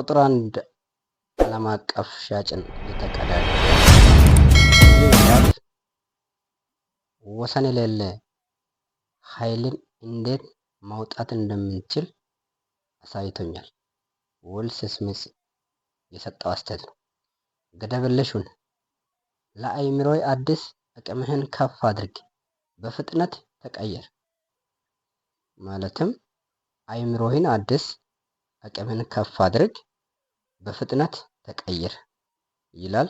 ቁጥር አንድ ዓለም አቀፍ ሻጭን የተቀዳጀ ወሰን የሌለ ኃይልን እንዴት ማውጣት እንደምንችል አሳይቶኛል። ዊል ስሚዝ የሰጠው አስተያየት ነው። ገደብ የለሽውን አዲስ አቅምህን ከፍ አድርግ፣ በፍጥነት ተቀየር። ማለትም አእምሮህን አዲስ አቅምን ከፍ አድርግ፣ በፍጥነት ተቀይር ይላል።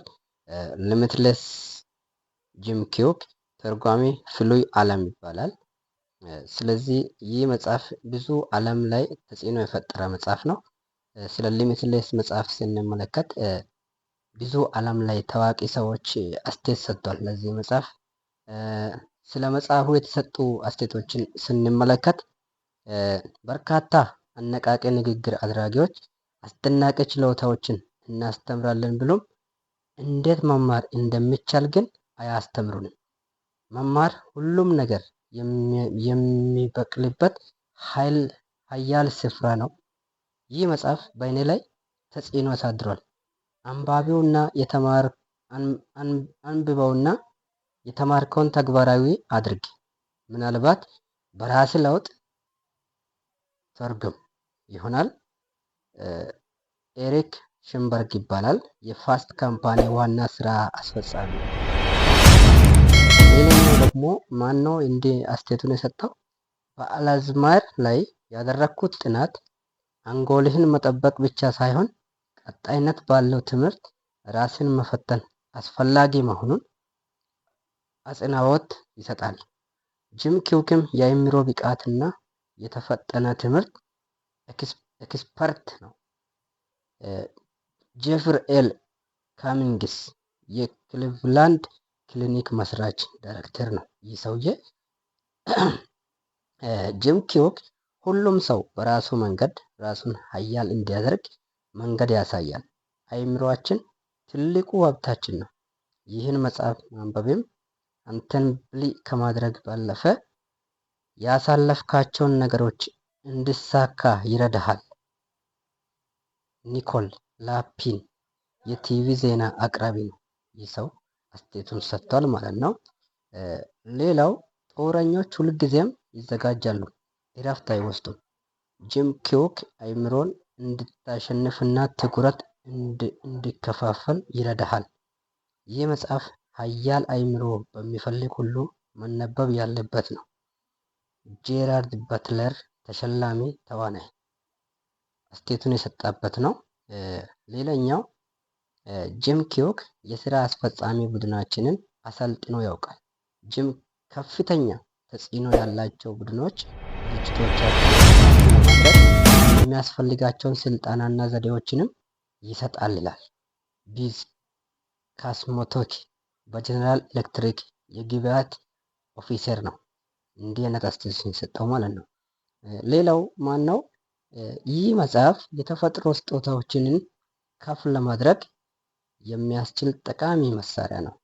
ሊሚትለስ ጂም ኪዩብ ተርጓሚ ፍሉይ ዓለም ይባላል። ስለዚህ ይህ መጽሐፍ ብዙ ዓለም ላይ ተጽዕኖ የፈጠረ መጽሐፍ ነው። ስለ ሊሚትለስ መጽሐፍ ስንመለከት ብዙ ዓለም ላይ ታዋቂ ሰዎች አስተያየት ሰጥቷል ለዚህ መጽሐፍ። ስለ መጽሐፉ የተሰጡ አስተያየቶችን ስንመለከት በርካታ አነቃቂ ንግግር አድራጊዎች አስደናቂ ችሎታዎችን እናስተምራለን ብሎም እንዴት መማር እንደሚቻል ግን አያስተምሩንም። መማር ሁሉም ነገር የሚበቅልበት ኃይል ሀያል ስፍራ ነው። ይህ መጽሐፍ በእኔ ላይ ተጽዕኖ አሳድሯል። አንባቢውና የተማር አንብበውና የተማርከውን ተግባራዊ አድርግ። ምናልባት በራስ ለውጥ ተርጉም ይሆናል። ኤሪክ ሽምበርግ ይባላል። የፋስት ካምፓኒ ዋና ስራ አስፈጻሚ። ሌላኛው ደግሞ ማን ነው እንዲህ አስተያየቱን የሰጠው? በአላዝማር ላይ ያደረግኩት ጥናት አንጎልህን መጠበቅ ብቻ ሳይሆን ቀጣይነት ባለው ትምህርት ራስን መፈተን አስፈላጊ መሆኑን አጽናወት ይሰጣል። ጂም ኪውክም የአእምሮ ብቃትና የተፈጠነ ትምህርት ኤክስፐርት ነው። ጄፍር ኤል ካሚንግስ የክሊቭላንድ ክሊኒክ መስራች ዳይሬክተር ነው። ይህ ሰውዬ ጂም ኪዮክ ሁሉም ሰው በራሱ መንገድ ራሱን ሀያል እንዲያደርግ መንገድ ያሳያል። አይምሮአችን ትልቁ ሀብታችን ነው። ይህን መጽሐፍ ማንበብም አንተን ብሊ ከማድረግ ባለፈ ያሳለፍካቸውን ነገሮች እንድሳካ ይረዳሃል። ኒኮል ላፒን የቲቪ ዜና አቅራቢ ነው። ይህ ሰው አስተያየቱን ሰጥቷል ማለት ነው። ሌላው ጦረኞች ሁልጊዜም ይዘጋጃሉ፣ እረፍት አይወስዱም። ጂም ኪውክ አይምሮን እንድታሸንፍና ትኩረት እንዲከፋፈል ይረዳሃል። ይህ መጽሐፍ ሀያል አይምሮ በሚፈልግ ሁሉ መነበብ ያለበት ነው። ጄራርድ በትለር ተሸላሚ ተዋናይ አስተያየቱን የሰጠበት ነው። ሌላኛው ጂም ኪዮክ የስራ አስፈጻሚ ቡድናችንን አሰልጥኖ ያውቃል። ጂም ከፍተኛ ተጽዕኖ ያላቸው ቡድኖች ድርጅቶቻቸው የሚያስፈልጋቸውን ስልጠናና ዘዴዎችንም ይሰጣል ይላል። ቢዝ ካስሞቶኪ በጀነራል ኤሌክትሪክ የግብአት ኦፊሰር ነው። እንዲህ አይነት አስተያየት የሰጠው ማለት ነው። ሌላው ማን ነው? ይህ መጽሐፍ የተፈጥሮ ስጦታዎችንን ከፍ ለማድረግ የሚያስችል ጠቃሚ መሳሪያ ነው።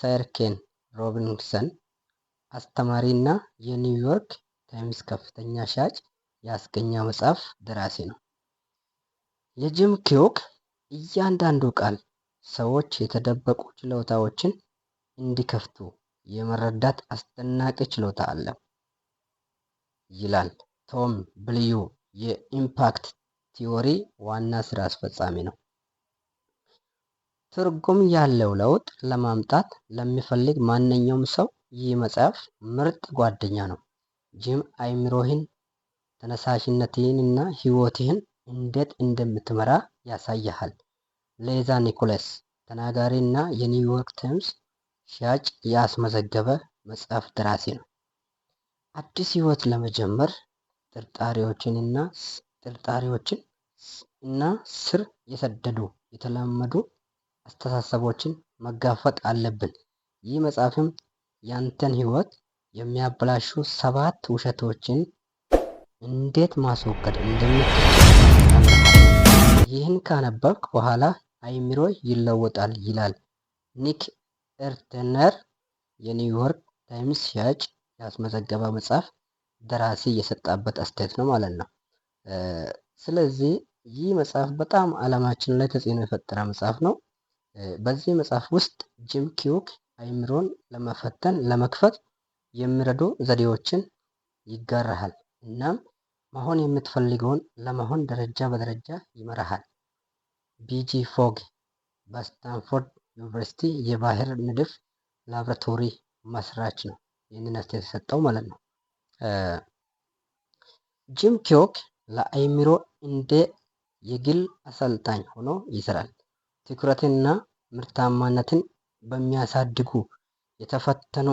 ሰር ኬን ሮቢንሰን አስተማሪ እና የኒውዮርክ ታይምስ ከፍተኛ ሻጭ የአስገኛ መጽሐፍ ደራሲ ነው። የጂም ኪዮክ እያንዳንዱ ቃል ሰዎች የተደበቁ ችሎታዎችን እንዲከፍቱ የመረዳት አስደናቂ ችሎታ አለ። ይላል። ቶም ብልዩ የኢምፓክት ቲዎሪ ዋና ስራ አስፈጻሚ ነው። ትርጉም ያለው ለውጥ ለማምጣት ለሚፈልግ ማንኛውም ሰው ይህ መጽሐፍ ምርጥ ጓደኛ ነው። ጂም አይምሮህን፣ ተነሳሽነትህን እና ህይወትህን እንዴት እንደምትመራ ያሳያሃል። ሌዛ ኒኮለስ ተናጋሪ እና የኒውዮርክ ታይምስ ሻጭ ያስመዘገበ መጽሐፍ ደራሲ ነው። አዲስ ህይወት ለመጀመር ጥርጣሬዎችንና ጥርጣሬዎችን እና ስር የሰደዱ የተለመዱ አስተሳሰቦችን መጋፈጥ አለብን። ይህ መጽሐፍም ያንተን ህይወት የሚያበላሹ ሰባት ውሸቶችን እንዴት ማስወገድ እንደምትችል ይህን ካነበብክ በኋላ አይምሮ ይለወጣል ይላል ኒክ ኤርተነር የኒውዮርክ ታይምስ ሽያጭ ያስመዘገበ መጽሐፍ ደራሲ እየሰጣበት አስተያየት ነው ማለት ነው። ስለዚህ ይህ መጽሐፍ በጣም አለማችን ላይ ተጽዕኖ የፈጠረ መጽሐፍ ነው። በዚህ መጽሐፍ ውስጥ ጂም ኪዩክ አይምሮን ለመፈተን ለመክፈት የሚረዱ ዘዴዎችን ይጋራሃል። እናም መሆን የምትፈልገውን ለመሆን ደረጃ በደረጃ ይመራሃል። ቢጂ ፎግ በስታንፎርድ ዩኒቨርሲቲ የባህር ንድፍ ላብራቶሪ መስራች ነው። ይህንን አስተያየት የሰጠው ማለት ነው። ጂም ኪዮክ ለአይምሮ እንደ የግል አሰልጣኝ ሆኖ ይሰራል። ትኩረትንና ምርታማነትን በሚያሳድጉ የተፈተኑ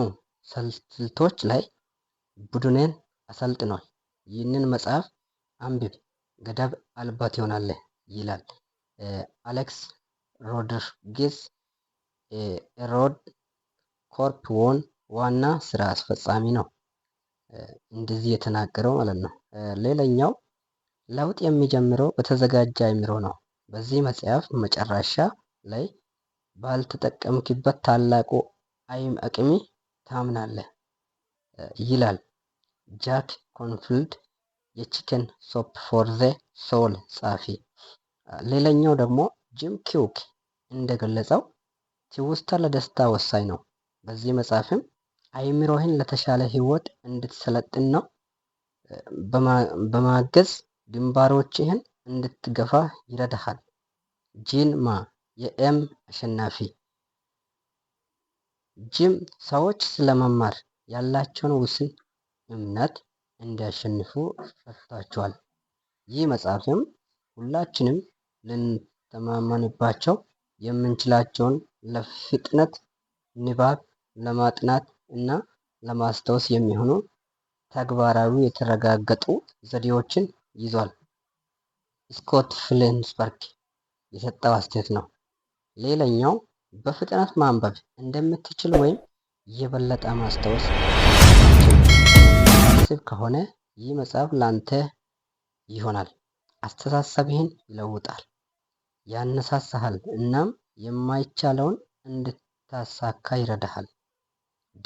ስልቶች ላይ ቡድንን አሰልጥኗል። ይህንን መጽሐፍ አንብብ፣ ገደብ አልባ ትሆናለህ ይላል አሌክስ ሮድሪጌዝ ሮድ ኮርፕ ዎን ዋና ስራ አስፈጻሚ ነው። እንደዚህ የተናገረው ማለት ነው። ሌላኛው ለውጥ የሚጀምረው በተዘጋጀ አእምሮ ነው። በዚህ መጽሐፍ መጨረሻ ላይ ባልተጠቀምክበት ታላቁ አይም አቅሚ ታምናለህ ይላል ጃክ ኮንፊልድ የቺከን ሶፕ ፎር ዘ ሶል ጻፊ። ሌላኛው ደግሞ ጂም ኪውክ እንደገለጸው ትውስታ ለደስታ ወሳኝ ነው። በዚህ መጽሐፍም አይምሮህን ለተሻለ ህይወት እንድትሰለጥን ነው በማገዝ ግንባሮችህን እንድትገፋ ይረዳሃል። ጂን ማ የኤም አሸናፊ ጂም ሰዎች ስለመማር ያላቸውን ውስን እምነት እንዲያሸንፉ ረድቷቸዋል። ይህ መጽሐፍም ሁላችንም ልንተማመንባቸው የምንችላቸውን ለፍጥነት ንባብ ለማጥናት እና ለማስታወስ የሚሆኑ ተግባራዊ የተረጋገጡ ዘዴዎችን ይዟል። ስኮት ፍሌንስበርግ የሰጠው አስተያየት ነው። ሌላኛው በፍጥነት ማንበብ እንደምትችል ወይም የበለጠ ማስታወስ ስብ ከሆነ ይህ መጽሐፍ ላንተ ይሆናል። አስተሳሰብህን ይለውጣል፣ ያነሳሳሃል፣ እናም የማይቻለውን እንድታሳካ ይረዳሃል።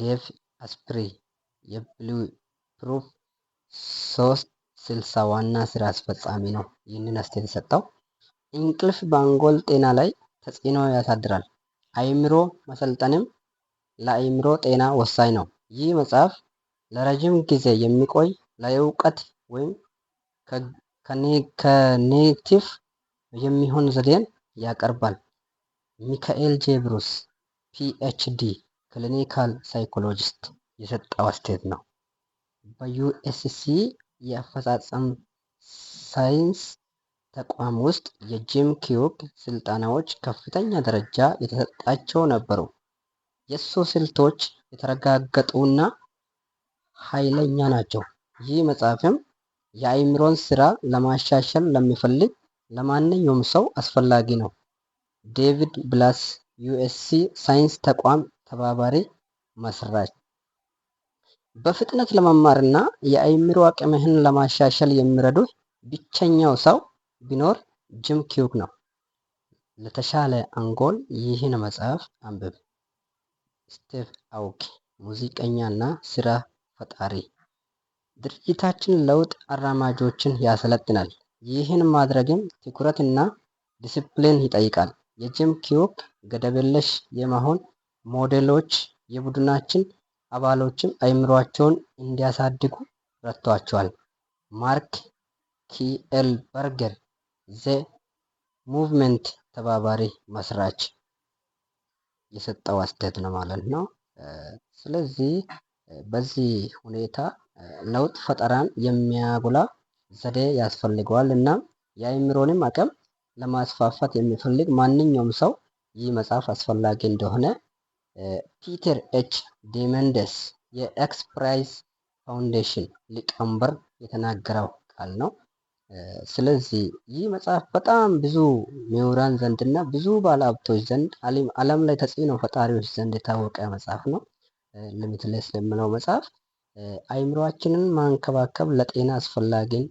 ዴቭ አስፕሪ የብሉ ፕሩፍ ሶስት ስልሳ ዋና ስራ አስፈጻሚ ነው ይህንን አስተያየት የሰጠው። እንቅልፍ በአንጎል ጤና ላይ ተጽዕኖ ያሳድራል። አይምሮ መሰልጠንም ለአይምሮ ጤና ወሳኝ ነው። ይህ መጽሐፍ ለረጅም ጊዜ የሚቆይ ለእውቀት ወይም ከኔቲቭ የሚሆን ዘዴን ያቀርባል። ሚካኤል ጄ ብሩስ ፒኤችዲ ክሊኒካል ሳይኮሎጂስት የሰጠው አስተያየት ነው። በዩኤስሲ የአፈጻጸም ሳይንስ ተቋም ውስጥ የጂም ኪዩክ ስልጠናዎች ከፍተኛ ደረጃ የተሰጣቸው ነበሩ። የእሱ ስልቶች የተረጋገጡና ኃይለኛ ናቸው። ይህ መጽሐፍም የአይምሮን ስራ ለማሻሻል ለሚፈልግ ለማንኛውም ሰው አስፈላጊ ነው። ዴቪድ ብላስ ዩኤስሲ ሳይንስ ተቋም ተባባሪ መስራች በፍጥነት ለመማርና የአይምሮ አቅምህን ለማሻሸል የሚረዱ ብቸኛው ሰው ቢኖር ጂም ኪዩክ ነው። ለተሻለ አንጎል ይህን መጽሐፍ አንብብ። ስቴቭ አውኪ ሙዚቀኛና ስራ ፈጣሪ ድርጅታችን ለውጥ አራማጆችን ያሰለጥናል። ይህን ማድረግም ትኩረትና ዲስፕሊን ይጠይቃል። የጂም ኪዩክ ገደብለሽ የመሆን ሞዴሎች የቡድናችን አባሎችም አይምሯቸውን እንዲያሳድጉ ረድቷቸዋል። ማርክ በርገር ዘ ሙቭመንት ተባባሪ መስራች የሰጠው አስተያየት ነው ማለት ነው። ስለዚህ በዚህ ሁኔታ ለውጥ ፈጠራን የሚያጉላ ዘዴ ያስፈልገዋል እና የአይምሮንም አቅም ለማስፋፋት የሚፈልግ ማንኛውም ሰው ይህ መጽሐፍ አስፈላጊ እንደሆነ ፒተር ኤች ዲመንደስ የኤክስ ፕራይዝ ፋውንዴሽን ሊቀመንበር የተናገረው ቃል ነው። ስለዚህ ይህ መጽሐፍ በጣም ብዙ ምሁራን ዘንድና ብዙ ባለሀብቶች ዘንድ ዓለም ላይ ተጽዕኖ ፈጣሪዎች ዘንድ የታወቀ መጽሐፍ ነው። ሊሚትለስ ለምለው መጽሐፍ አይምሮአችንን ማንከባከብ ለጤና አስፈላጊን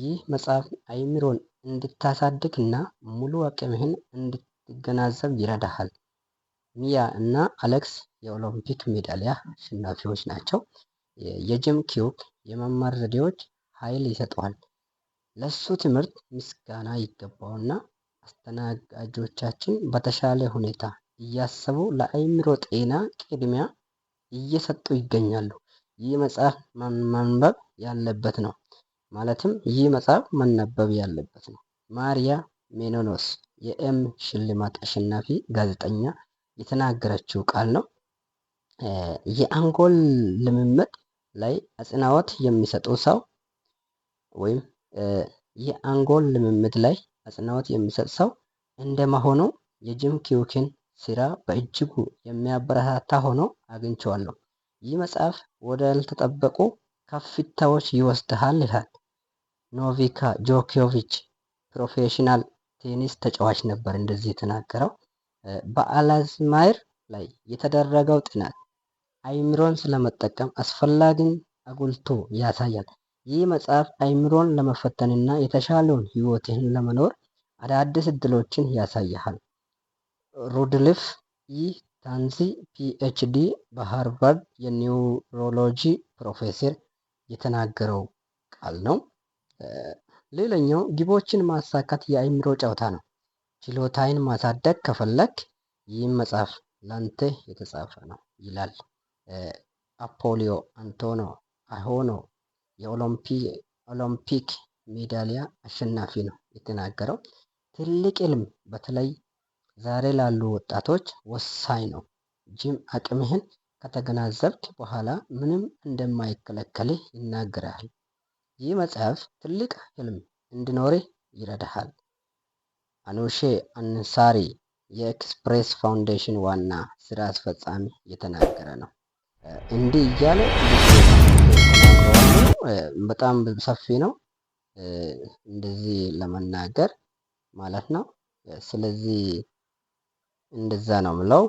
ይህ መጽሐፍ አይምሮን እንድታሳድግ እና ሙሉ አቅምህን እንድትገናዘብ ይረዳሃል። ሚያ እና አሌክስ የኦሎምፒክ ሜዳሊያ አሸናፊዎች ናቸው። የጂም ኪውክ የመማር ዘዴዎች ኃይል ይሰጠዋል። ለሱ ትምህርት ምስጋና ይገባውና አስተናጋጆቻችን በተሻለ ሁኔታ እያሰቡ ለአይምሮ ጤና ቅድሚያ እየሰጡ ይገኛሉ። ይህ መጽሐፍ ማንበብ ያለበት ነው። ማለትም ይህ መጽሐፍ መነበብ ያለበት ነው። ማሪያ ሜኖኖስ የኤም ሽልማት አሸናፊ ጋዜጠኛ የተናገረችው ቃል ነው። የአንጎል ልምምድ ላይ አጽንኦት የሚሰጠው ሰው ወይም የአንጎል ልምምድ ላይ አጽንኦት የሚሰጥ ሰው እንደመሆኑ የጂም ኪዩኪን ስራ በእጅጉ የሚያበረታታ ሆኖ አግኝቼዋለሁ። ይህ መጽሐፍ ወደ ያልተጠበቁ ከፍታዎች ይወስድሃል ይላል። ኖቪካ ጆኮቪች ፕሮፌሽናል ቴኒስ ተጫዋች ነበር እንደዚህ የተናገረው። በአላዝማይር ላይ የተደረገው ጥናት አይምሮን ስለመጠቀም አስፈላጊን አጉልቶ ያሳያል። ይህ መጽሐፍ አይምሮን ለመፈተንና የተሻለውን ህይወትህን ለመኖር አዳዲስ እድሎችን ያሳያል። ሩድልፍ ይህ ታንዚ ፒኤችዲ በሃርቫርድ የኒውሮሎጂ ፕሮፌሰር የተናገረው ቃል ነው። ሌላኛው ግቦችን ማሳካት የአይምሮ ጨዋታ ነው። ችሎታዬን ማሳደግ ከፈለክ ይህም መጽሐፍ ለአንተ የተጻፈ ነው ይላል አፖሊዮ አንቶኖ አሆኖ የኦሎምፒክ ሜዳሊያ አሸናፊ ነው የተናገረው። ትልቅ ህልም በተለይ ዛሬ ላሉ ወጣቶች ወሳኝ ነው። ጅም አቅምህን ከተገናዘብክ በኋላ ምንም እንደማይከለከልህ ይናገራል። ይህ መጽሐፍ ትልቅ ህልም እንዲኖርህ ይረዳሃል። አኖሼ አንሳሪ የኤክስፕሬስ ፋውንዴሽን ዋና ስራ አስፈጻሚ እየተናገረ ነው። እንዲህ እያለ በጣም ሰፊ ነው እንደዚህ ለመናገር ማለት ነው። ስለዚህ እንደዛ ነው ምለው።